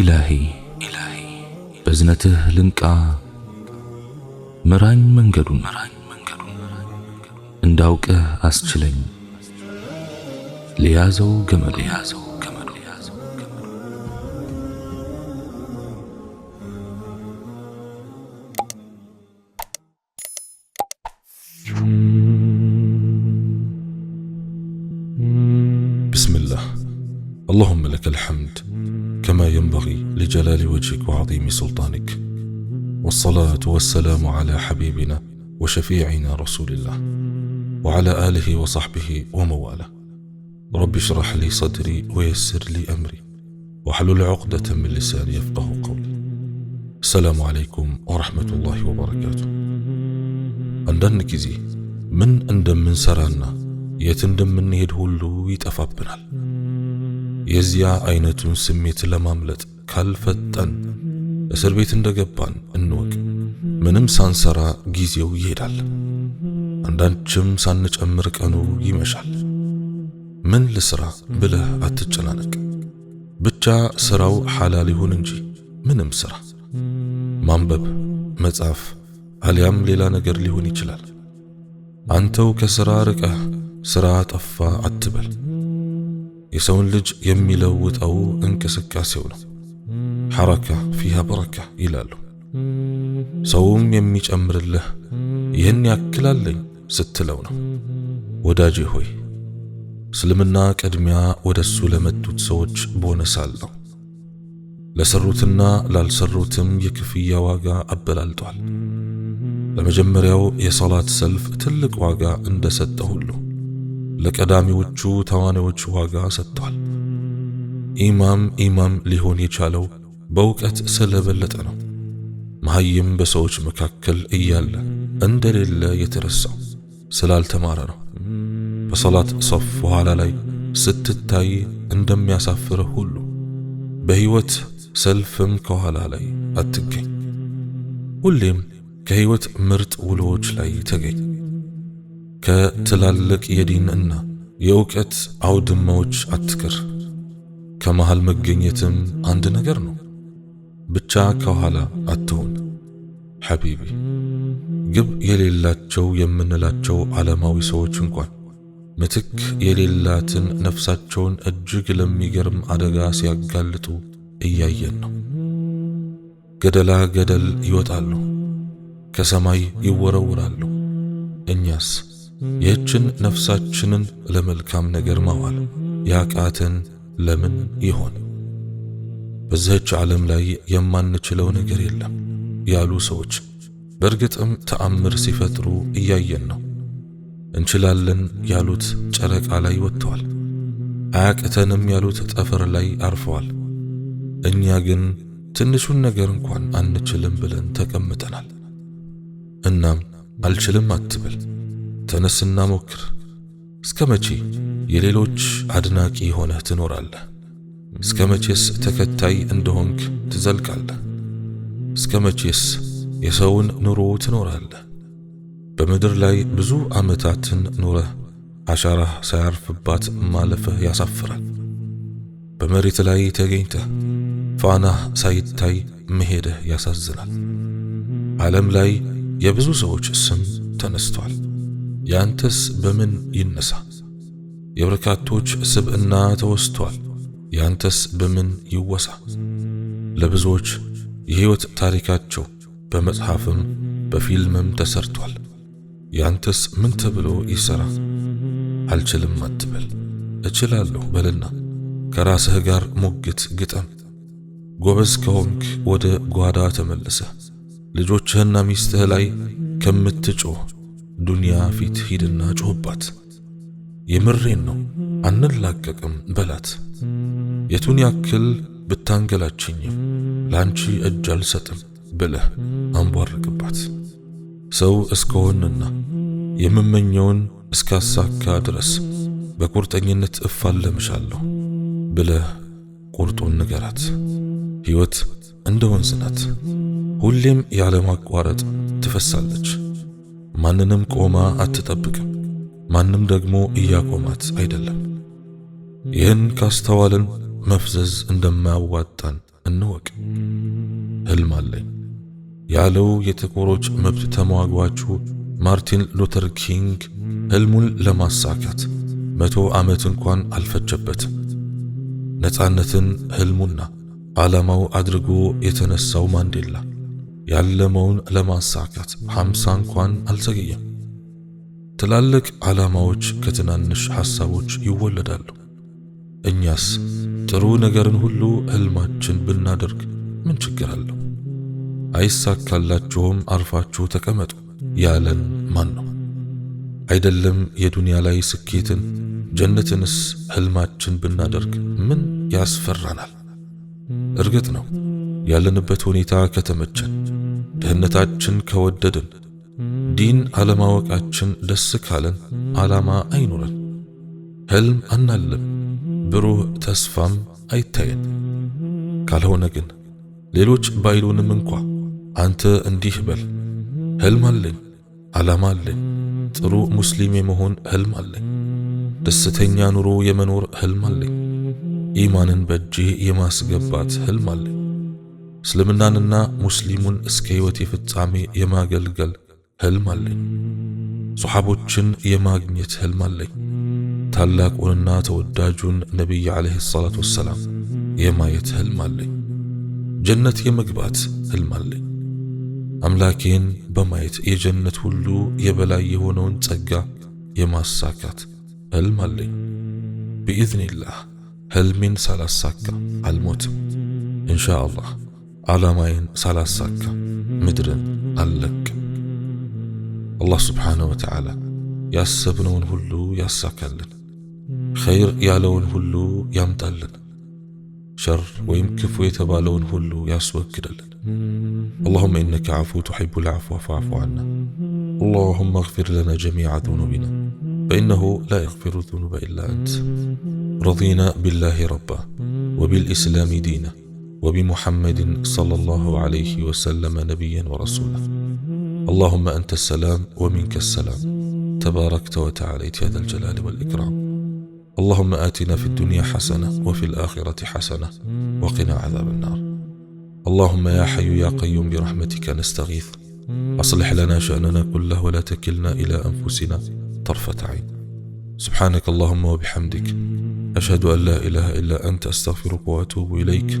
ኢላሂ ኢላሂ በዝነትህ ልንቃ ምራኝ መንገዱን እንዳውቅህ አስችለኝ ለያዘው ገመድ ያዘው ገመድ ያዘው ገመድ ቢስሚላህ اللهم لك الحمد كما ينبغي لجلال وجهك وعظيم سلطانك والصلاة والسلام على حبيبنا وشفيعنا رسول الله وعلى آله وصحبه ومواله رب اشرح لي صدري ويسر لي أمري واحلل عقدة من لساني يفقه قولي السلام عليكم ورحمة الله وبركاته من أندم من سرانا يتندم من እንደምንሄድ ሁሉ ይጠፋብናል። የዚያ አይነቱን ስሜት ለማምለጥ ካልፈጠን እስር ቤት እንደገባን እንወቅ። ምንም ሳንሰራ ጊዜው ይሄዳል፣ አንዳንችም ሳንጨምር ቀኑ ይመሻል። ምን ልስራ ብለህ አትጨናነቅ። ብቻ ስራው ሐላል ይሁን እንጂ ምንም ስራ ማንበብ፣ መጻፍ አሊያም ሌላ ነገር ሊሆን ይችላል። አንተው ከስራ ርቀህ ስራ ጠፋ አትበል። የሰውን ልጅ የሚለውጠው እንቅስቃሴው ነው። ሐረካ ፊሃ በረካ ይላሉ። ሰውም የሚጨምርልህ ይህን ያክላለኝ ስትለው ነው። ወዳጄ ሆይ እስልምና ቅድሚያ ወደሱ ለመጡት ሰዎች ቦነስ አለው። ለሰሩትና ላልሰሩትም የክፍያ ዋጋ አበላልጧል። ለመጀመሪያው የሰላት ሰልፍ ትልቅ ዋጋ እንደሰጠ ሁሉ ለቀዳሚዎቹ ተዋናዮች ዋጋ ሰጥቷል። ኢማም ኢማም ሊሆን የቻለው በእውቀት ስለበለጠ ነው። መሐይም በሰዎች መካከል እያለ እንደሌለ የተረሳው ስላልተማረ ነው። በሰላት ሰፍ በኋላ ላይ ስትታይ እንደሚያሳፍረ ሁሉ በሕይወት ሰልፍም ከኋላ ላይ አትገኝ። ሁሌም ከሕይወት ምርጥ ውሎዎች ላይ ተገኝ። ከትላልቅ የዲን እና የእውቀት አውድማዎች አትቅር። ከመሃል መገኘትም አንድ ነገር ነው። ብቻ ከኋላ አትሆን ሐቢቢ። ግብ የሌላቸው የምንላቸው ዓለማዊ ሰዎች እንኳን ምትክ የሌላትን ነፍሳቸውን እጅግ ለሚገርም አደጋ ሲያጋልጡ እያየን ነው። ገደላ ገደል ይወጣሉ፣ ከሰማይ ይወረውራሉ። እኛስ ይህችን ነፍሳችንን ለመልካም ነገር ማዋል ያቃተን ለምን ይሆን? በዚህች ዓለም ላይ የማንችለው ነገር የለም ያሉ ሰዎች በእርግጥም ተአምር ሲፈጥሩ እያየን ነው። እንችላለን ያሉት ጨረቃ ላይ ወጥተዋል። አያቅተንም ያሉት ጠፈር ላይ አርፈዋል። እኛ ግን ትንሹን ነገር እንኳን አንችልም ብለን ተቀምጠናል። እናም አልችልም አትበል። ተነስና ሞክር። እስከ መቼ የሌሎች አድናቂ ሆነህ ትኖራለህ? እስከ መቼስ ተከታይ እንደሆንክ ትዘልቃለህ? እስከ መቼስ የሰውን ኑሮ ትኖራለህ? በምድር ላይ ብዙ ዓመታትን ኑረህ አሻራህ ሳያርፍባት ማለፍህ ያሳፍራል። በመሬት ላይ ተገኝተህ ፋናህ ሳይታይ መሄድህ ያሳዝናል። ዓለም ላይ የብዙ ሰዎች ስም ተነስቷል። ያንተስ በምን ይነሳ? የበርካቶች ስብዕና ተወስቷል፣ ያንተስ በምን ይወሳ? ለብዙዎች የሕይወት ታሪካቸው በመጽሐፍም በፊልምም ተሰርቷል፣ ያንተስ ምን ተብሎ ይሠራ? አልችልም አትበል፣ እችላለሁ በልና ከራስህ ጋር ሙግት ግጠም። ጎበዝ ከሆንክ ወደ ጓዳ ተመልሰህ ልጆችህና ሚስትህ ላይ ከምትጮህ ዱንያ ፊት ሂድና ጮህባት። የምሬን ነው አንላቀቅም በላት። የቱን ያክል ብታንገላችኝም ለአንቺ እጅ አልሰጥም ብለህ አንቧርቅባት። ሰው እስከሆንና የምመኘውን እስካሳካ ድረስ በቁርጠኝነት እፋለምሻለሁ ብለህ ቁርጡን ንገራት። ሕይወት እንደ ወንዝ ናት፣ ሁሌም ያለማቋረጥ ትፈሳለች። ማንንም ቆማ አትጠብቅም፣ ማንም ደግሞ እያቆማት አይደለም። ይህን ካስተዋልን መፍዘዝ እንደማያዋጣን እንወቅ። ህልም አለኝ ያለው የጥቁሮች መብት ተሟጓቹ ማርቲን ሉተር ኪንግ ህልሙን ለማሳካት መቶ ዓመት እንኳን አልፈጀበትም። ነፃነትን ህልሙና ዓላማው አድርጎ የተነሳው ማንዴላ ያለመውን ለማሳካት ሀምሳ እንኳን አልዘገየም። ትላልቅ ዓላማዎች ከትናንሽ ሐሳቦች ይወለዳሉ። እኛስ ጥሩ ነገርን ሁሉ ሕልማችን ብናደርግ ምን ችግር አለው? አይሳካላችሁም አርፋችሁ ተቀመጡ ያለን ማን ነው? አይደለም የዱንያ ላይ ስኬትን ጀነትንስ ሕልማችን ብናደርግ ምን ያስፈራናል? እርግጥ ነው ያለንበት ሁኔታ ከተመቸን ድህነታችን ከወደድን፣ ዲን አለማወቃችን ደስ ካለን፣ ዓላማ አይኑረን፣ ህልም አናልም፣ ብሩህ ተስፋም አይታየን። ካልሆነ ግን ሌሎች ባይሉንም እንኳ አንተ እንዲህ በል፣ ህልም አለኝ፣ ዓላማ አለኝ፣ ጥሩ ሙስሊም የመሆን ህልም አለኝ፣ ደስተኛ ኑሮ የመኖር ህልም አለኝ፣ ኢማንን በእጄ የማስገባት ህልም አለኝ እስልምናንና ሙስሊሙን እስከ ሕይወት የፍጻሜ የማገልገል ህልም አለኝ። ሶሓቦችን የማግኘት ህልም አለኝ። ታላቁንና ተወዳጁን ነቢይ ዓለይሂ ሰላቱ ወሰላም የማየት ህልም አለኝ። ጀነት የመግባት ህልም አለኝ። አምላኬን በማየት የጀነት ሁሉ የበላይ የሆነውን ጸጋ የማሳካት ህልም አለኝ። ብኢዝኒላህ ህልሜን ሳላሳካ አልሞትም። ኢንሻ አላህ ዓላማይን ሳላሳካ ምድርን አልለቅም። አላህ ስብሓነ ወተዓላ ያሰብነውን ሁሉ ያሳካልን፣ ኸይር ያለውን هلو ያምጣልን፣ شر ويمكف ويتبالون هلو ሁሉ ያስወግደልን። اللهم إنك عفو تحب العفو فاعف عنا اللهم اغفر لنا جميع ذنوبنا فإنه لا يغفر الذنوب إلا أنت رضينا بالله ربا وبالإسلام دينا وبمحمد صلى الله عليه وسلم نبيا ورسولا اللهم أنت السلام ومنك السلام تباركت وتعاليت يا ذا الجلال والإكرام اللهم آتنا في الدنيا حسنة وفي الآخرة حسنة وقنا عذاب النار اللهم يا حي يا قيوم برحمتك نستغيث أصلح لنا شأننا كله ولا تكلنا إلى أنفسنا طرفة عين سبحانك اللهم وبحمدك أشهد أن لا إله إلا أنت أستغفرك وأتوب إليك